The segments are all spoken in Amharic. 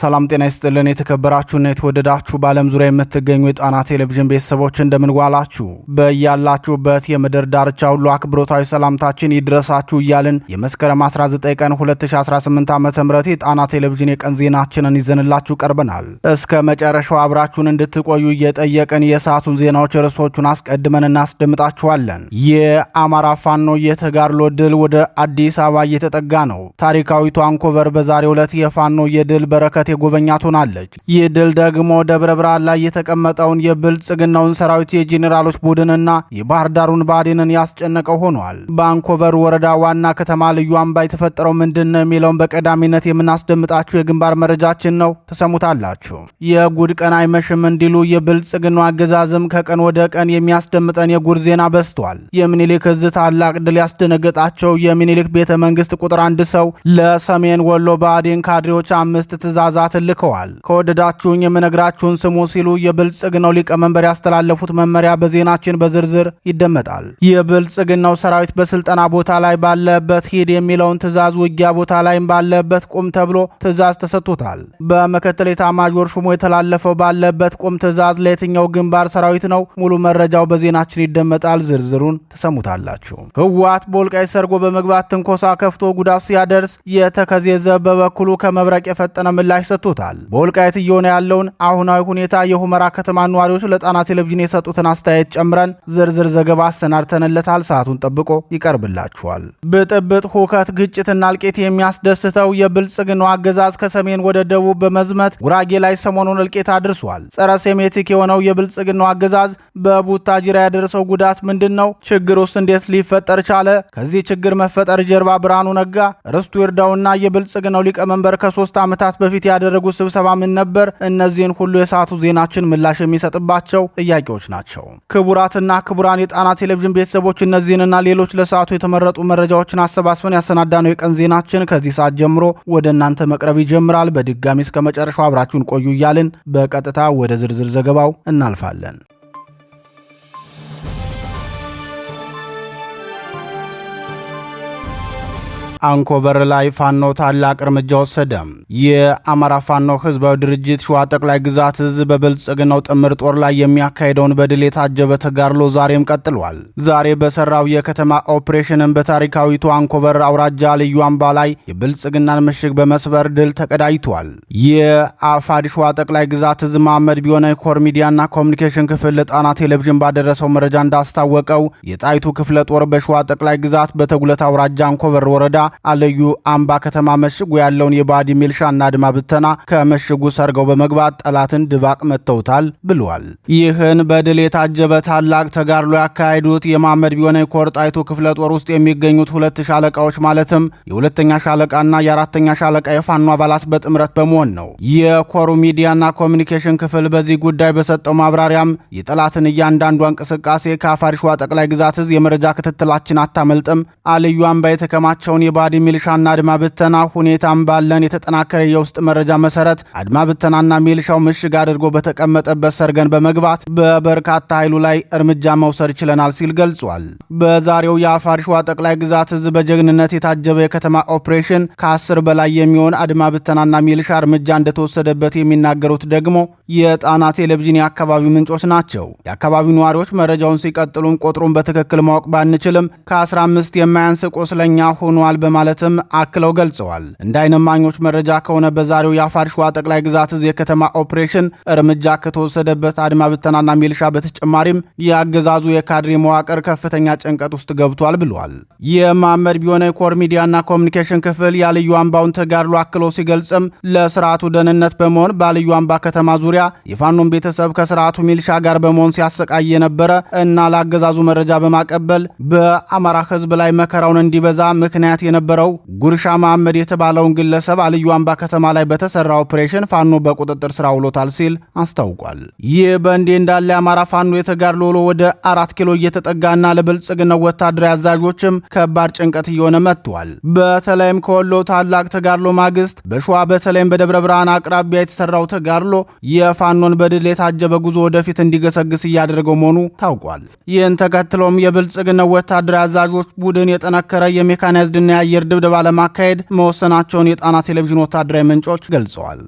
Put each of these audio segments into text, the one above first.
ሰላም ጤና ይስጥልን። የተከበራችሁና የተወደዳችሁ በዓለም ዙሪያ የምትገኙ የጣና ቴሌቪዥን ቤተሰቦች እንደምንዋላችሁ፣ በያላችሁበት የምድር ዳርቻ ሁሉ አክብሮታዊ ሰላምታችን ይድረሳችሁ እያልን የመስከረም 19 ቀን 2018 ዓ ም የጣና ቴሌቪዥን የቀን ዜናችንን ይዘንላችሁ ቀርበናል። እስከ መጨረሻው አብራችሁን እንድትቆዩ እየጠየቅን የሰዓቱን ዜናዎች ርዕሶቹን አስቀድመን እናስደምጣችኋለን። የአማራ ፋኖ የተጋድሎ ድል ወደ አዲስ አበባ እየተጠጋ ነው። ታሪካዊቱ አንኮቨር በዛሬው ዕለት የፋኖ የድል በረከት የጎበኛት ሆናለች። ይህ ድል ደግሞ ደብረ ብርሃን ላይ የተቀመጠውን የብልጽግናውን ሰራዊት የጄኔራሎች ቡድንና የባህር ዳሩን ብአዴንን ያስጨነቀው ሆኗል። በአንኮቨር ወረዳ ዋና ከተማ ልዩ አምባ የተፈጠረው ምንድን ነው የሚለውን በቀዳሚነት የምናስደምጣችሁ የግንባር መረጃችን ነው። ተሰሙታላችሁ። የጉድ ቀን አይመሽም እንዲሉ የብልጽግናው አገዛዝም ከቀን ወደ ቀን የሚያስደምጠን የጉድ ዜና በስቷል። የሚኒሊክ እዝ ታላቅ ድል ያስደነገጣቸው የሚኒሊክ ቤተ መንግስት ቁጥር አንድ ሰው ለሰሜን ወሎ ብአዴን ካድሬዎች አምስት ትእዛዛት በብዛት ልከዋል። ከወደዳችሁኝ የምነግራችሁን ስሙ ሲሉ የብልጽግናው ሊቀመንበር ያስተላለፉት መመሪያ በዜናችን በዝርዝር ይደመጣል። የብልጽግናው ሰራዊት በስልጠና ቦታ ላይ ባለበት ሂድ የሚለውን ትዕዛዝ ውጊያ ቦታ ላይም ባለበት ቁም ተብሎ ትዕዛዝ ተሰጥቶታል። በምክትል ኤታማዦር ሹሙ የተላለፈው ባለበት ቁም ትዕዛዝ ለየትኛው ግንባር ሰራዊት ነው? ሙሉ መረጃው በዜናችን ይደመጣል። ዝርዝሩን ተሰሙታላችሁ። ህወሓት በወልቃይት ሰርጎ በመግባት ትንኮሳ ከፍቶ ጉዳት ሲያደርስ የተከዜዘ በበኩሉ ከመብረቅ የፈጠነ ምላሽ ሰጥቶታል። በወልቃይት እየሆነ ያለውን አሁናዊ ሁኔታ የሁመራ ከተማ ነዋሪዎች ለጣና ቴሌቪዥን የሰጡትን አስተያየት ጨምረን ዝርዝር ዘገባ አሰናድተንለታል። ሰዓቱን ጠብቆ ይቀርብላችኋል። ብጥብጥ፣ ሁከት፣ ግጭትና እልቂት የሚያስደስተው የብልጽግናው አገዛዝ ከሰሜን ወደ ደቡብ በመዝመት ጉራጌ ላይ ሰሞኑን እልቂት አድርሷል። ጸረ ሴሜቲክ የሆነው የብልጽግናው አገዛዝ በቡታጅራ ያደረሰው ጉዳት ምንድን ነው? ችግር ውስጥ እንዴት ሊፈጠር ቻለ? ከዚህ ችግር መፈጠር ጀርባ ብርሃኑ ነጋ፣ ርስቱ ይርዳውና የብልጽግናው ሊቀመንበር ከሶስት ዓመታት በፊት ያደረጉት ስብሰባ ምን ነበር? እነዚህን ሁሉ የሰዓቱ ዜናችን ምላሽ የሚሰጥባቸው ጥያቄዎች ናቸው። ክቡራትና ክቡራን የጣና ቴሌቪዥን ቤተሰቦች እነዚህንና ሌሎች ለሰዓቱ የተመረጡ መረጃዎችን አሰባስበን ያሰናዳነው የቀን ዜናችን ከዚህ ሰዓት ጀምሮ ወደ እናንተ መቅረብ ይጀምራል። በድጋሚ እስከ መጨረሻው አብራችሁን ቆዩ እያልን በቀጥታ ወደ ዝርዝር ዘገባው እናልፋለን። አንኮበር ላይ ፋኖ ታላቅ እርምጃ ወሰደ። የአማራ ፋኖ ህዝባዊ ድርጅት ሸዋ ጠቅላይ ግዛት እዝ በብልጽግናው ጥምር ጦር ላይ የሚያካሄደውን በድል የታጀበ ተጋድሎ ዛሬም ቀጥሏል። ዛሬ በሰራው የከተማ ኦፕሬሽንን በታሪካዊቱ አንኮበር አውራጃ ልዩ አምባ ላይ የብልጽግናን ምሽግ በመስበር ድል ተቀዳጅቷል። የአፋድ ሸዋ ጠቅላይ ግዛት እዝ መሐመድ ቢሆነ ኮር ሚዲያና ኮሚኒኬሽን ክፍል ለጣና ቴሌቪዥን ባደረሰው መረጃ እንዳስታወቀው የጣይቱ ክፍለ ጦር በሸዋ ጠቅላይ ግዛት በተጉለት አውራጃ አንኮበር ወረዳ አለዩ አምባ ከተማ መሽጉ ያለውን የባዲ ሚልሻና ድማ ብተና ከመሽጉ ሰርገው በመግባት ጠላትን ድባቅ መተውታል ብለዋል። ይህን በድል የታጀበ ታላቅ ተጋድሎ ያካሄዱት የማመድ ቢሆነ ኮርጣይቱ ክፍለ ጦር ውስጥ የሚገኙት ሁለት ሻለቃዎች ማለትም የሁለተኛ ሻለቃና የአራተኛ ሻለቃ የፋኖ አባላት በጥምረት በመሆን ነው። የኮሩ ሚዲያና ኮሚኒኬሽን ክፍል በዚህ ጉዳይ በሰጠው ማብራሪያም የጠላትን እያንዳንዷ እንቅስቃሴ ከአፋሪ ሸዋ ጠቅላይ ግዛት እዝ የመረጃ ክትትላችን አታመልጥም፣ አልዩ አምባ የተከማቸውን የአባዲ ሚልሻና አድማ ብተና ሁኔታም ባለን የተጠናከረ የውስጥ መረጃ መሰረት አድማ ብተናና ሚልሻው ምሽግ አድርጎ በተቀመጠበት ሰርገን በመግባት በበርካታ ኃይሉ ላይ እርምጃ መውሰድ ችለናል ሲል ገልጿል። በዛሬው የአፋር ሸዋ ጠቅላይ ግዛት ህዝብ በጀግንነት የታጀበ የከተማ ኦፕሬሽን ከአስር በላይ የሚሆን አድማ ብተናና ሚልሻ እርምጃ እንደተወሰደበት የሚናገሩት ደግሞ የጣና ቴሌቪዥን የአካባቢው ምንጮች ናቸው። የአካባቢው ነዋሪዎች መረጃውን ሲቀጥሉም ቁጥሩን በትክክል ማወቅ ባንችልም ከ15 የማያንስ ቆስለኛ ሆኗል በ በማለትም አክለው ገልጸዋል። እንደ አይነማኞች መረጃ ከሆነ በዛሬው የአፋር ሸዋ ጠቅላይ ግዛት እዝ የከተማ ኦፕሬሽን እርምጃ ከተወሰደበት አድማ ብተናና ሚልሻ በተጨማሪም የአገዛዙ የካድሬ መዋቅር ከፍተኛ ጭንቀት ውስጥ ገብቷል ብለዋል። የማመድ ቢሆነ የኮር ሚዲያና ኮሚኒኬሽን ክፍል ያልዩ አምባውን ተጋድሎ አክሎ ሲገልጽም ለስርዓቱ ደህንነት በመሆን በልዩ አምባ ከተማ ዙሪያ የፋኖን ቤተሰብ ከስርዓቱ ሚልሻ ጋር በመሆን ሲያሰቃይ የነበረ እና ለአገዛዙ መረጃ በማቀበል በአማራ ህዝብ ላይ መከራውን እንዲበዛ ምክንያት የነበ የነበረው ጉርሻ መሐመድ የተባለውን ግለሰብ አልዩ አምባ ከተማ ላይ በተሰራ ኦፕሬሽን ፋኖ በቁጥጥር ስር አውሎታል ሲል አስታውቋል። ይህ በእንዲህ እንዳለ የአማራ ፋኖ የተጋድሎ ውሎ ወደ አራት ኪሎ እየተጠጋና ለብልጽግናው ወታደራዊ አዛዦችም ከባድ ጭንቀት እየሆነ መጥቷል። በተለይም ከወሎ ታላቅ ተጋድሎ ማግስት በሸዋ በተለይም በደብረ ብርሃን አቅራቢያ የተሰራው ተጋድሎ የፋኖን በድል የታጀበ ጉዞ ወደፊት እንዲገሰግስ እያደረገው መሆኑ ታውቋል። ይህን ተከትሎም የብልጽግናው ወታደራዊ አዛዦች ቡድን የጠነከረ የሜካናይዝድና የአየር ድብደባ ለማካሄድ መወሰናቸውን የጣና ቴሌቪዥን ወታደራዊ ምንጮች ገልጸዋል።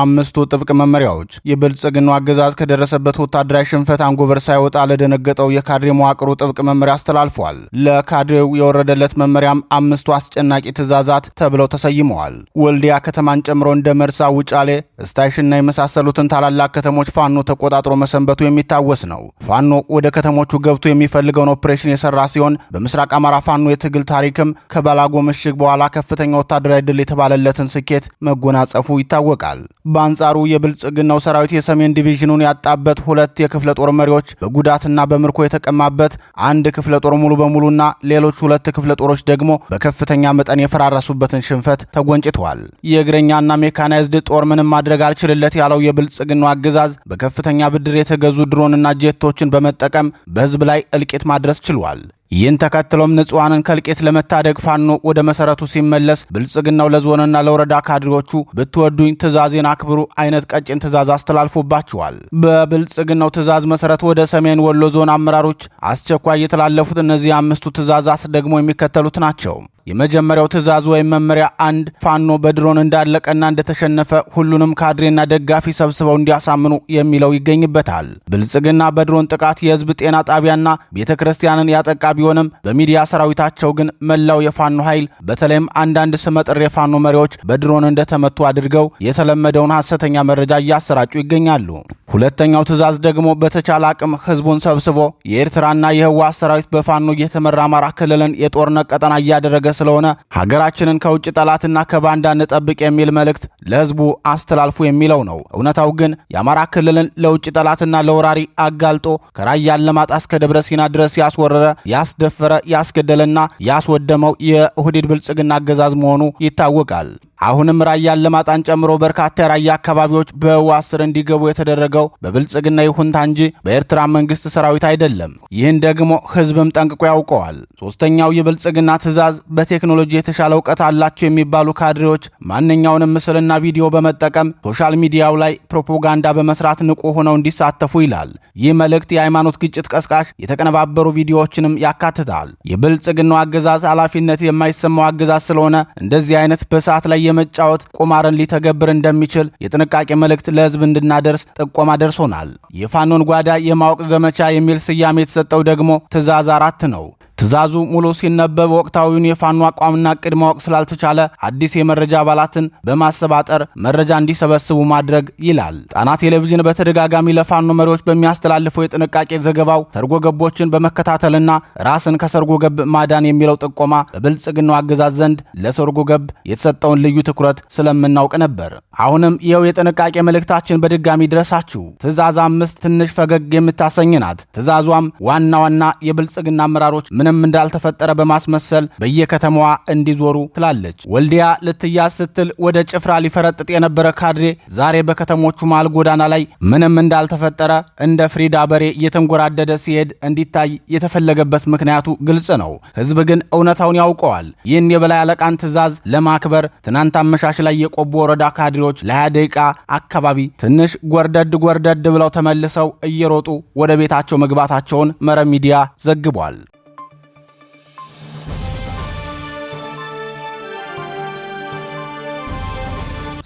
አምስቱ ጥብቅ መመሪያዎች የብልጽግናው አገዛዝ ከደረሰበት ወታደራዊ ሽንፈት አንጎበር ሳይወጣ ለደነገጠው የካድሬ መዋቅሩ ጥብቅ መመሪያ አስተላልፏል። ለካድሬው የወረደለት መመሪያም አምስቱ አስጨናቂ ትዕዛዛት ተብለው ተሰይመዋል። ወልዲያ ከተማን ጨምሮ እንደ መርሳ፣ ውጫሌ፣ እስታይሽና የመሳሰሉትን ታላላቅ ከተሞች ፋኖ ተቆጣጥሮ መሰንበቱ የሚታወስ ነው። ፋኖ ወደ ከተሞቹ ገብቶ የሚፈልገውን ኦፕሬሽን የሰራ ሲሆን በምስራቅ አማራ ፋኖ የትግል ታሪክም ከባላጎ ምሽግ በኋላ ከፍተኛ ወታደራዊ ድል የተባለለትን ስኬት መጎናጸፉ ይታወቃል። በአንጻሩ የብልጽግናው ሰራዊት የሰሜን ዲቪዥኑን ያጣበት ሁለት የክፍለ ጦር መሪዎች በጉዳትና በምርኮ የተቀማበት አንድ ክፍለ ጦር ሙሉ በሙሉና ሌሎች ሁለት ክፍለ ጦሮች ደግሞ በከፍተኛ መጠን የፈራረሱበትን ሽንፈት ተጎንጭተዋል። የእግረኛና ሜካናይዝድ ጦር ምንም ማድረግ አልችልለት ያለው የብልጽግናው አገዛዝ በከፍተኛ ብድር የተገዙ ድሮንና ጄቶችን በመጠቀም በህዝብ ላይ እልቂት ማድረስ ችሏል። ይህን ተከትሎም ንጹሐንን ከልቂት ለመታደግ ፋኖ ወደ መሰረቱ ሲመለስ ብልጽግናው ለዞንና ለወረዳ ካድሬዎቹ ብትወዱኝ ትእዛዜን አክብሩ አይነት ቀጭን ትእዛዝ አስተላልፎባቸዋል። በብልጽግናው ትእዛዝ መሰረት ወደ ሰሜን ወሎ ዞን አመራሮች አስቸኳይ የተላለፉት እነዚህ አምስቱ ትእዛዛት ደግሞ የሚከተሉት ናቸው። የመጀመሪያው ትእዛዝ ወይም መመሪያ አንድ ፋኖ በድሮን እንዳለቀና እንደተሸነፈ ሁሉንም ካድሬና ደጋፊ ሰብስበው እንዲያሳምኑ የሚለው ይገኝበታል። ብልጽግና በድሮን ጥቃት የህዝብ ጤና ጣቢያና ቤተ ክርስቲያንን ያጠቃቢ ቢሆንም በሚዲያ ሰራዊታቸው ግን መላው የፋኖ ኃይል በተለይም አንዳንድ ስመጥር የፋኖ መሪዎች በድሮን እንደተመቱ አድርገው የተለመደውን ሐሰተኛ መረጃ እያሰራጩ ይገኛሉ። ሁለተኛው ትዕዛዝ ደግሞ በተቻለ አቅም ህዝቡን ሰብስቦ የኤርትራና የህወሓት ሰራዊት በፋኖ እየተመራ አማራ ክልልን የጦርነት ቀጠና እያደረገ ስለሆነ ሀገራችንን ከውጭ ጠላትና ከባንዳ እንጠብቅ የሚል መልእክት ለህዝቡ አስተላልፉ የሚለው ነው። እውነታው ግን የአማራ ክልልን ለውጭ ጠላትና ለወራሪ አጋልጦ ከራያ ዓላማጣ እስከ ደብረ ሲና ድረስ ያስወረረ ያስ ያስደፈረ ያስገደለና ያስወደመው የኦህዴድ ብልጽግና አገዛዝ መሆኑ ይታወቃል። አሁንም ራያን ለማጣን ጨምሮ በርካታ የራያ አካባቢዎች በህዋ ስር እንዲገቡ የተደረገው በብልጽግና ይሁንታ እንጂ በኤርትራ መንግስት ሰራዊት አይደለም። ይህን ደግሞ ህዝብም ጠንቅቆ ያውቀዋል። ሶስተኛው የብልጽግና ትዕዛዝ በቴክኖሎጂ የተሻለ እውቀት አላቸው የሚባሉ ካድሬዎች ማንኛውንም ምስልና ቪዲዮ በመጠቀም ሶሻል ሚዲያው ላይ ፕሮፓጋንዳ በመስራት ንቁ ሆነው እንዲሳተፉ ይላል። ይህ መልእክት የሃይማኖት ግጭት ቀስቃሽ የተቀነባበሩ ቪዲዮዎችንም ያካትታል። የብልጽግናው አገዛዝ ኃላፊነት የማይሰማው አገዛዝ ስለሆነ እንደዚህ አይነት በሰዓት ላይ የመጫወት ቁማርን ሊተገብር እንደሚችል የጥንቃቄ መልእክት ለህዝብ እንድናደርስ ጥቆማ ደርሶናል። የፋኖን ጓዳ የማወቅ ዘመቻ የሚል ስያሜ የተሰጠው ደግሞ ትዕዛዝ አራት ነው። ትዕዛዙ ሙሉ ሲነበብ ወቅታዊውን የፋኖ አቋምና እቅድ ማወቅ ስላልተቻለ አዲስ የመረጃ አባላትን በማሰባጠር መረጃ እንዲሰበስቡ ማድረግ ይላል። ጣና ቴሌቪዥን በተደጋጋሚ ለፋኖ መሪዎች በሚያስተላልፈው የጥንቃቄ ዘገባው ሰርጎ ገቦችን በመከታተልና ራስን ከሰርጎ ገብ ማዳን የሚለው ጥቆማ በብልጽግናው አገዛዝ ዘንድ ለሰርጎ ገብ የተሰጠውን ልዩ ትኩረት ስለምናውቅ ነበር። አሁንም ይኸው የጥንቃቄ መልእክታችን በድጋሚ ድረሳችሁ። ትዕዛዝ አምስት ትንሽ ፈገግ የምታሰኝ ናት። ትዕዛዟም ዋና ዋና የብልጽግና አመራሮች ምንም ምንም እንዳልተፈጠረ በማስመሰል በየከተማዋ እንዲዞሩ ትላለች። ወልዲያ ልትያዝ ስትል ወደ ጭፍራ ሊፈረጥጥ የነበረ ካድሬ ዛሬ በከተሞቹ መሃል ጎዳና ላይ ምንም እንዳልተፈጠረ እንደ ፍሪዳ በሬ እየተንጎራደደ ሲሄድ እንዲታይ የተፈለገበት ምክንያቱ ግልጽ ነው። ህዝብ ግን እውነታውን ያውቀዋል። ይህን የበላይ አለቃን ትዕዛዝ ለማክበር ትናንት አመሻሽ ላይ የቆቦ ወረዳ ካድሬዎች ለ20 ደቂቃ አካባቢ ትንሽ ጎርደድ ጎርደድ ብለው ተመልሰው እየሮጡ ወደ ቤታቸው መግባታቸውን መረብ ሚዲያ ዘግቧል።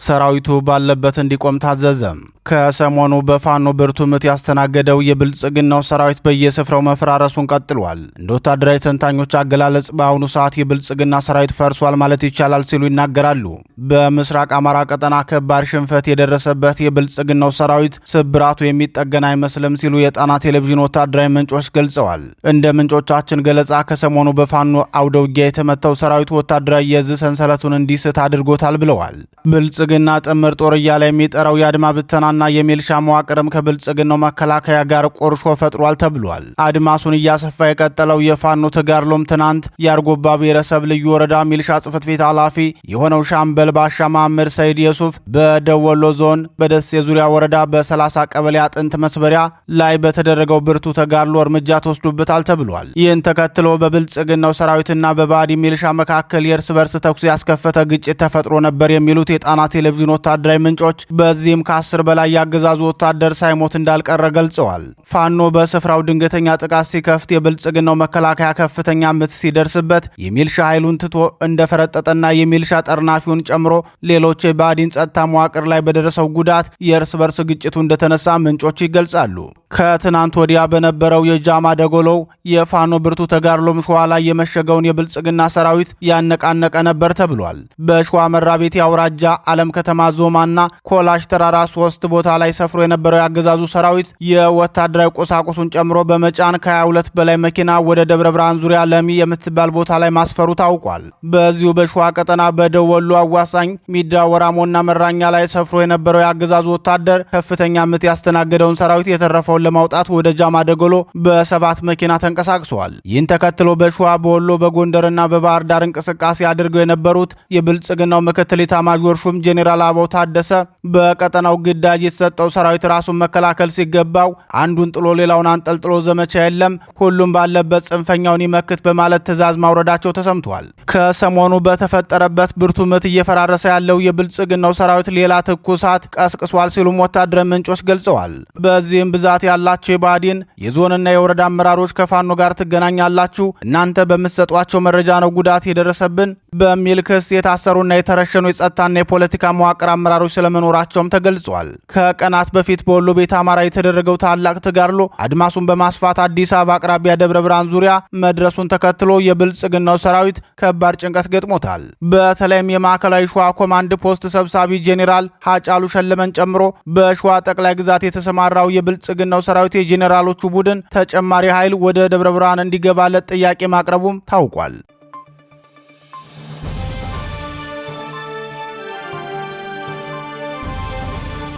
ሰራዊቱ ባለበት እንዲቆም ታዘዘ። ከሰሞኑ በፋኖ ብርቱ ምት ያስተናገደው የብልጽግናው ሰራዊት በየስፍራው መፈራረሱን ቀጥሏል። እንደ ወታደራዊ ተንታኞች አገላለጽ በአሁኑ ሰዓት የብልጽግና ሰራዊት ፈርሷል ማለት ይቻላል ሲሉ ይናገራሉ። በምስራቅ አማራ ቀጠና ከባድ ሽንፈት የደረሰበት የብልጽግናው ሰራዊት ስብራቱ የሚጠገን አይመስልም ሲሉ የጣና ቴሌቪዥን ወታደራዊ ምንጮች ገልጸዋል። እንደ ምንጮቻችን ገለጻ ከሰሞኑ በፋኖ አውደውጊያ የተመታው ሰራዊቱ ወታደራዊ የዝ ሰንሰለቱን እንዲስት አድርጎታል ብለዋል። ብልጽግና ጥምር ጦር እያለ የሚጠራው የአድማ ብተና ዋና የሚልሻ መዋቅርም ከብልጽግናው መከላከያ ጋር ቆርሾ ፈጥሯል ተብሏል። አድማሱን እያሰፋ የቀጠለው የፋኖ ተጋድሎም ትናንት የአርጎባ ብሔረሰብ ልዩ ወረዳ ሚልሻ ጽፈት ቤት ኃላፊ የሆነው ሻምበል ባሻ መሐመድ ሰይድ የሱፍ በደወሎ ዞን በደሴ የዙሪያ ወረዳ በ30 ቀበሌ አጥንት መስበሪያ ላይ በተደረገው ብርቱ ተጋድሎ እርምጃ ተወስዶበታል ተብሏል። ይህን ተከትሎ በብልጽግናው ሰራዊትና በባዲ ሚልሻ መካከል የእርስ በርስ ተኩስ ያስከፈተ ግጭት ተፈጥሮ ነበር የሚሉት የጣና ቴሌቪዥን ወታደራዊ ምንጮች በዚህም ከአስር በላይ ላይ ያገዛዙ ወታደር ሳይሞት እንዳልቀረ ገልጸዋል። ፋኖ በስፍራው ድንገተኛ ጥቃት ሲከፍት የብልጽግናው መከላከያ ከፍተኛ ምት ሲደርስበት የሚልሻ ኃይሉን ትቶ እንደፈረጠጠና የሚልሻ ጠርናፊውን ጨምሮ ሌሎች የባዲን ጸጥታ መዋቅር ላይ በደረሰው ጉዳት የእርስ በርስ ግጭቱ እንደተነሳ ምንጮች ይገልጻሉ። ከትናንት ወዲያ በነበረው የጃማ ደጎሎው የፋኖ ብርቱ ተጋድሎ ሸዋ ላይ የመሸገውን የብልጽግና ሰራዊት ያነቃነቀ ነበር ተብሏል። በሸዋ መራቤቴ አውራጃ ዓለም ከተማ ዞማና ኮላሽ ተራራ ሶስት ቦታ ላይ ሰፍሮ የነበረው የአገዛዙ ሰራዊት የወታደራዊ ቁሳቁሱን ጨምሮ በመጫን ከ22 በላይ መኪና ወደ ደብረ ብርሃን ዙሪያ ለሚ የምትባል ቦታ ላይ ማስፈሩ ታውቋል። በዚሁ በሸዋ ቀጠና በደወሉ ወሎ አዋሳኝ ሚዳ ወራሞና መራኛ ላይ ሰፍሮ የነበረው የአገዛዙ ወታደር ከፍተኛ ምት ያስተናገደውን ሰራዊት የተረፈውን ለማውጣት ወደ ጃማ ደጎሎ በሰባት መኪና ተንቀሳቅሰዋል። ይህን ተከትሎ በሸዋ በወሎ በጎንደርና በባህር ዳር እንቅስቃሴ አድርገው የነበሩት የብልጽግናው ምክትል ኤታማዦር ሹም ጄኔራል አበባው ታደሰ በቀጠናው ግዳ አዛዥ የተሰጠው ሰራዊት ራሱን መከላከል ሲገባው አንዱን ጥሎ ሌላውን አንጠልጥሎ ዘመቻ የለም፣ ሁሉም ባለበት ጽንፈኛውን ይመክት በማለት ትዕዛዝ ማውረዳቸው ተሰምቷል። ከሰሞኑ በተፈጠረበት ብርቱ ምት እየፈራረሰ ያለው የብልጽግናው ሰራዊት ሌላ ትኩሳት ቀስቅሷል ሲሉም ወታደራዊ ምንጮች ገልጸዋል። በዚህም ብዛት ያላቸው የባዲን የዞንና የወረዳ አመራሮች ከፋኖ ጋር ትገናኛላችሁ፣ እናንተ በምትሰጧቸው መረጃ ነው ጉዳት የደረሰብን በሚል ክስ የታሰሩና የተረሸኑ የጸጥታና የፖለቲካ መዋቅር አመራሮች ስለመኖራቸውም ተገልጿል። ከቀናት በፊት በወሎ ቤት አማራ የተደረገው ታላቅ ተጋድሎ አድማሱን በማስፋት አዲስ አበባ አቅራቢያ ደብረ ብርሃን ዙሪያ መድረሱን ተከትሎ የብልጽግናው ሰራዊት ከባድ ጭንቀት ገጥሞታል። በተለይም የማዕከላዊ ሸዋ ኮማንድ ፖስት ሰብሳቢ ጄኔራል ሀጫሉ ሸለመን ጨምሮ በሸዋ ጠቅላይ ግዛት የተሰማራው የብልጽግናው ሰራዊት የጄኔራሎቹ ቡድን ተጨማሪ ኃይል ወደ ደብረ ብርሃን እንዲገባለት ጥያቄ ማቅረቡም ታውቋል።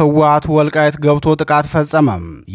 ህወሓት ወልቃየት ገብቶ ጥቃት ፈጸመ።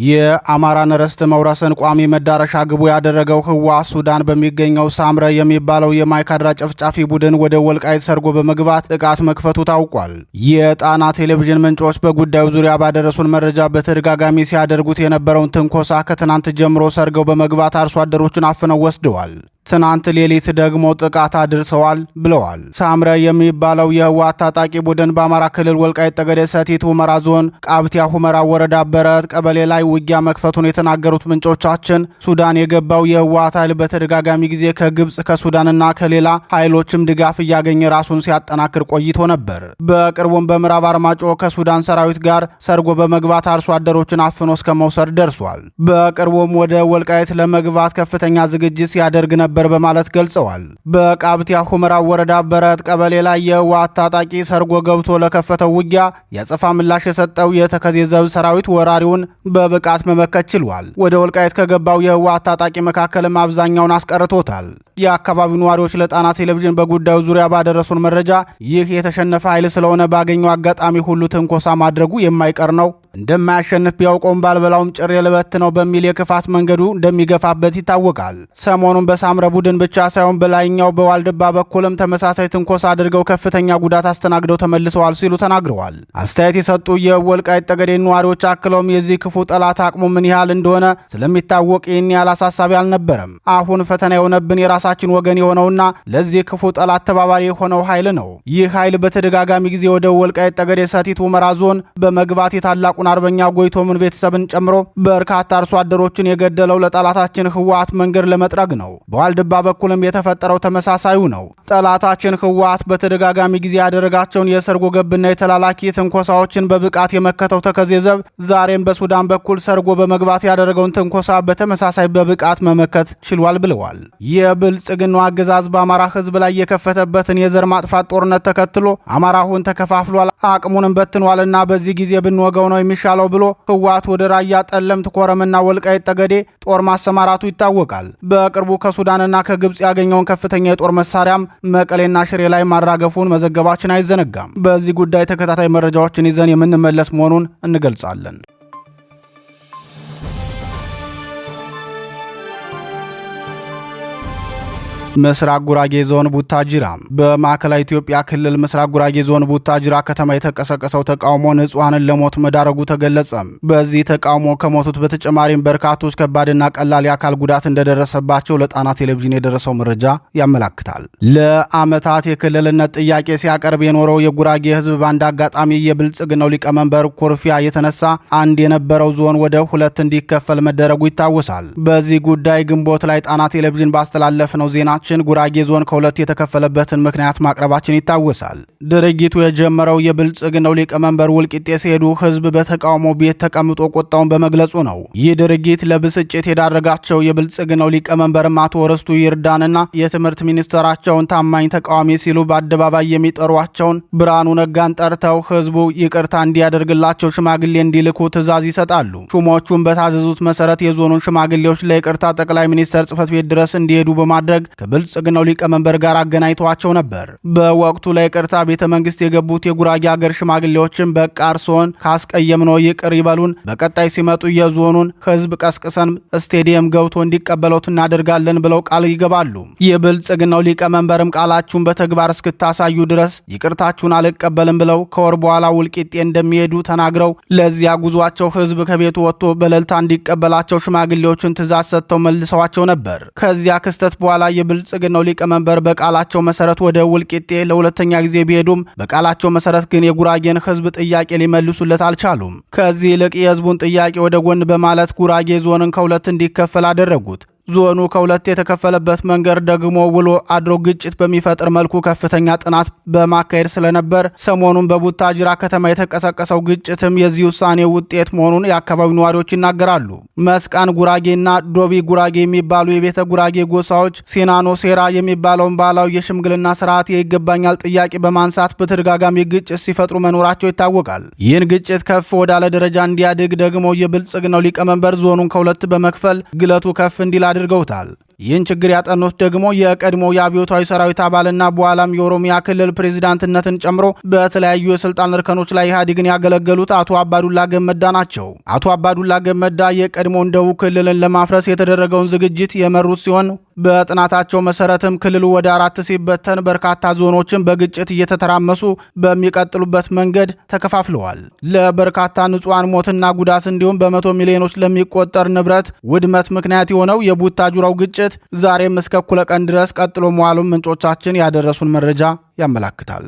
የአማራን ርስት መውረስን ቋሚ መዳረሻ ግቡ ያደረገው ህወሓት ሱዳን በሚገኘው ሳምረ የሚባለው የማይካድራ ጨፍጫፊ ቡድን ወደ ወልቃየት ሰርጎ በመግባት ጥቃት መክፈቱ ታውቋል። የጣና ቴሌቪዥን ምንጮች በጉዳዩ ዙሪያ ባደረሱን መረጃ በተደጋጋሚ ሲያደርጉት የነበረውን ትንኮሳ ከትናንት ጀምሮ ሰርገው በመግባት አርሶ አደሮችን አፍነው ወስደዋል። ትናንት ሌሊት ደግሞ ጥቃት አድርሰዋል ብለዋል። ሳምረ የሚባለው የህወሓት ታጣቂ ቡድን በአማራ ክልል ወልቃይት ጠገዴ ሰቲት ሁመራ ዞን ቃብቲያ ሁመራ ወረዳ በረት ቀበሌ ላይ ውጊያ መክፈቱን የተናገሩት ምንጮቻችን ሱዳን የገባው የህወሓት ኃይል በተደጋጋሚ ጊዜ ከግብፅ ከሱዳንና ከሌላ ኃይሎችም ድጋፍ እያገኘ ራሱን ሲያጠናክር ቆይቶ ነበር። በቅርቡም በምዕራብ አርማጮ ከሱዳን ሰራዊት ጋር ሰርጎ በመግባት አርሶ አደሮችን አፍኖ እስከ መውሰድ ደርሷል። በቅርቡም ወደ ወልቃይት ለመግባት ከፍተኛ ዝግጅት ሲያደርግ ነበር ነበር በማለት ገልጸዋል። በቃብቲያ ሁመራ ወረዳ በረት ቀበሌ ላይ የህወሓት ታጣቂ ሰርጎ ገብቶ ለከፈተው ውጊያ የጽፋ ምላሽ የሰጠው የተከዜ ዘብ ሰራዊት ወራሪውን በብቃት መመከት ችሏል። ወደ ወልቃየት ከገባው የህወሓት ታጣቂ መካከልም አብዛኛውን አስቀርቶታል። የአካባቢው ነዋሪዎች ለጣና ቴሌቪዥን በጉዳዩ ዙሪያ ባደረሱን መረጃ ይህ የተሸነፈ ኃይል ስለሆነ ባገኘው አጋጣሚ ሁሉ ትንኮሳ ማድረጉ የማይቀር ነው እንደማያሸንፍ ቢያውቀውም ባልበላውም ጭሬ ልበት ነው በሚል የክፋት መንገዱ እንደሚገፋበት ይታወቃል። ሰሞኑን በሳምረ ቡድን ብቻ ሳይሆን በላይኛው በዋልድባ በኩልም ተመሳሳይ ትንኮስ አድርገው ከፍተኛ ጉዳት አስተናግደው ተመልሰዋል ሲሉ ተናግረዋል። አስተያየት የሰጡ የወልቃይት ጠገዴ ነዋሪዎች አክለውም የዚህ ክፉ ጠላት አቅሙ ምን ያህል እንደሆነ ስለሚታወቅ ይህን ያህል አሳሳቢ አልነበረም። አሁን ፈተና የሆነብን የራሳችን ወገን የሆነውና ለዚህ ክፉ ጠላት ተባባሪ የሆነው ኃይል ነው። ይህ ኃይል በተደጋጋሚ ጊዜ ወደ ወልቃይት ጠገዴ ሰቲት ሁመራ ዞን በመግባት የታላቁ ታላቁን አርበኛ ጎይቶምን ቤተሰብን ጨምሮ በርካታ አርሶ አደሮችን የገደለው ለጠላታችን ህወሓት መንገድ ለመጥረግ ነው። በዋልድባ በኩልም የተፈጠረው ተመሳሳዩ ነው። ጠላታችን ህወሓት በተደጋጋሚ ጊዜ ያደረጋቸውን የሰርጎ ገብና የተላላኪ ትንኮሳዎችን በብቃት የመከተው ተከዜ ዘብ ዛሬም በሱዳን በኩል ሰርጎ በመግባት ያደረገውን ትንኮሳ በተመሳሳይ በብቃት መመከት ችሏል ብለዋል። የብልጽግናው አገዛዝ በአማራ ህዝብ ላይ የከፈተበትን የዘር ማጥፋት ጦርነት ተከትሎ አማራውን ተከፋፍሏል፣ አቅሙንም በትኗልና በዚህ ጊዜ ብንወገው ነው የሚ የሚሻለው ብሎ ህወሓት ወደ ራያ ጠለምት፣ ኮረምና ወልቃይት ጠገዴ ጦር ማሰማራቱ ይታወቃል። በቅርቡ ከሱዳንና ከግብፅ ያገኘውን ከፍተኛ የጦር መሳሪያም መቀሌና ሽሬ ላይ ማራገፉን መዘገባችን አይዘነጋም። በዚህ ጉዳይ ተከታታይ መረጃዎችን ይዘን የምንመለስ መሆኑን እንገልጻለን። ምስራቅ ጉራጌ ዞን ቡታጅራ በማዕከላዊ ኢትዮጵያ ክልል ምስራቅ ጉራጌ ዞን ቡታጅራ ከተማ የተቀሰቀሰው ተቃውሞ ንጹሐንን ለሞት መዳረጉ ተገለጸ። በዚህ ተቃውሞ ከሞቱት በተጨማሪም በርካቶች ከባድና ቀላል የአካል ጉዳት እንደደረሰባቸው ለጣና ቴሌቪዥን የደረሰው መረጃ ያመላክታል። ለአመታት የክልልነት ጥያቄ ሲያቀርብ የኖረው የጉራጌ ህዝብ በአንድ አጋጣሚ የብልጽግናው ሊቀመንበር ኮርፊያ የተነሳ አንድ የነበረው ዞን ወደ ሁለት እንዲከፈል መደረጉ ይታወሳል። በዚህ ጉዳይ ግንቦት ላይ ጣና ቴሌቪዥን ባስተላለፍነው ዜና ዞናችን ጉራጌ ዞን ከሁለት የተከፈለበትን ምክንያት ማቅረባችን ይታወሳል። ድርጊቱ የጀመረው የብልጽግናው ሊቀመንበር ውልቂጤ ሲሄዱ ህዝብ በተቃውሞ ቤት ተቀምጦ ቁጣውን በመግለጹ ነው። ይህ ድርጊት ለብስጭት የዳረጋቸው የብልጽግናው ሊቀመንበርም አቶ ርስቱ ይርዳንና የትምህርት ሚኒስትራቸውን ታማኝ ተቃዋሚ ሲሉ በአደባባይ የሚጠሯቸውን ብርሃኑ ነጋን ጠርተው ህዝቡ ይቅርታ እንዲያደርግላቸው ሽማግሌ እንዲልኩ ትዕዛዝ ይሰጣሉ። ሹሞቹም በታዘዙት መሰረት የዞኑን ሽማግሌዎች ለይቅርታ ጠቅላይ ሚኒስተር ጽህፈት ቤት ድረስ እንዲሄዱ በማድረግ ከብልጽግናው ሊቀመንበር ጋር አገናኝተዋቸው ነበር። በወቅቱ ለይቅርታ ቤተ መንግስት የገቡት የጉራጌ ሀገር ሽማግሌዎችን በቃ እርስዎን ካስቀየምነው ይቅር ይበሉን፣ በቀጣይ ሲመጡ የዞኑን ህዝብ ቀስቅሰን ስቴዲየም ገብቶ እንዲቀበለውት እናደርጋለን ብለው ቃል ይገባሉ። የብልጽግናው ሊቀመንበርም ቃላችሁን በተግባር እስክታሳዩ ድረስ ይቅርታችሁን አልቀበልም ብለው ከወር በኋላ ውልቂጤ እንደሚሄዱ ተናግረው ለዚያ ጉዟቸው ህዝብ ከቤቱ ወጥቶ በለልታ እንዲቀበላቸው ሽማግሌዎችን ትእዛዝ ሰጥተው መልሰዋቸው ነበር። ከዚያ ክስተት በኋላ የብል የብልጽግናው ሊቀመንበር በቃላቸው መሰረት ወደ ውልቂጤ ለሁለተኛ ጊዜ ቢሄዱም በቃላቸው መሰረት ግን የጉራጌን ህዝብ ጥያቄ ሊመልሱለት አልቻሉም። ከዚህ ይልቅ የህዝቡን ጥያቄ ወደ ጎን በማለት ጉራጌ ዞንን ከሁለት እንዲከፈል አደረጉት። ዞኑ ከሁለት የተከፈለበት መንገድ ደግሞ ውሎ አድሮ ግጭት በሚፈጥር መልኩ ከፍተኛ ጥናት በማካሄድ ስለነበር ሰሞኑን በቡታጅራ ከተማ የተቀሰቀሰው ግጭትም የዚህ ውሳኔ ውጤት መሆኑን የአካባቢው ነዋሪዎች ይናገራሉ። መስቃን ጉራጌና ዶቪ ጉራጌ የሚባሉ የቤተ ጉራጌ ጎሳዎች ሲናኖ ሴራ የሚባለውን ባህላዊ የሽምግልና ስርዓት የይገባኛል ጥያቄ በማንሳት በተደጋጋሚ ግጭት ሲፈጥሩ መኖራቸው ይታወቃል። ይህን ግጭት ከፍ ወዳለ ደረጃ እንዲያድግ ደግሞ የብልጽግናው ሊቀመንበር ዞኑን ከሁለት በመክፈል ግለቱ ከፍ እንዲላ አድርገውታል። ይህን ችግር ያጠኑት ደግሞ የቀድሞ የአብዮታዊ ሰራዊት አባልና በኋላም የኦሮሚያ ክልል ፕሬዚዳንትነትን ጨምሮ በተለያዩ የስልጣን እርከኖች ላይ ኢህአዴግን ያገለገሉት አቶ አባዱላ ገመዳ ናቸው። አቶ አባዱላ ገመዳ የቀድሞውን ደቡብ ክልልን ለማፍረስ የተደረገውን ዝግጅት የመሩት ሲሆን በጥናታቸው መሰረትም ክልሉ ወደ አራት ሲበተን በርካታ ዞኖችን በግጭት እየተተራመሱ በሚቀጥሉበት መንገድ ተከፋፍለዋል። ለበርካታ ንጹሐን ሞትና ጉዳት እንዲሁም በመቶ ሚሊዮኖች ለሚቆጠር ንብረት ውድመት ምክንያት የሆነው የቡታጁራው ግጭት ግጭት ዛሬም እስከ እኩለ ቀን ድረስ ቀጥሎ መዋሉን ምንጮቻችን ያደረሱን መረጃ ያመላክታል።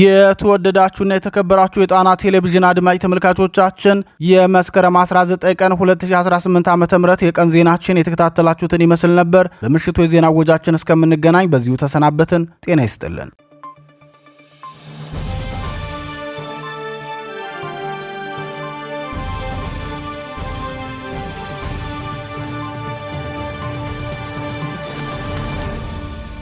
የተወደዳችሁና የተከበራችሁ የጣና ቴሌቪዥን አድማጭ ተመልካቾቻችን የመስከረም 19 ቀን 2018 ዓ ም የቀን ዜናችን የተከታተላችሁትን ይመስል ነበር። በምሽቱ የዜና ወጃችን እስከምንገናኝ በዚሁ ተሰናበትን። ጤና ይስጥልን።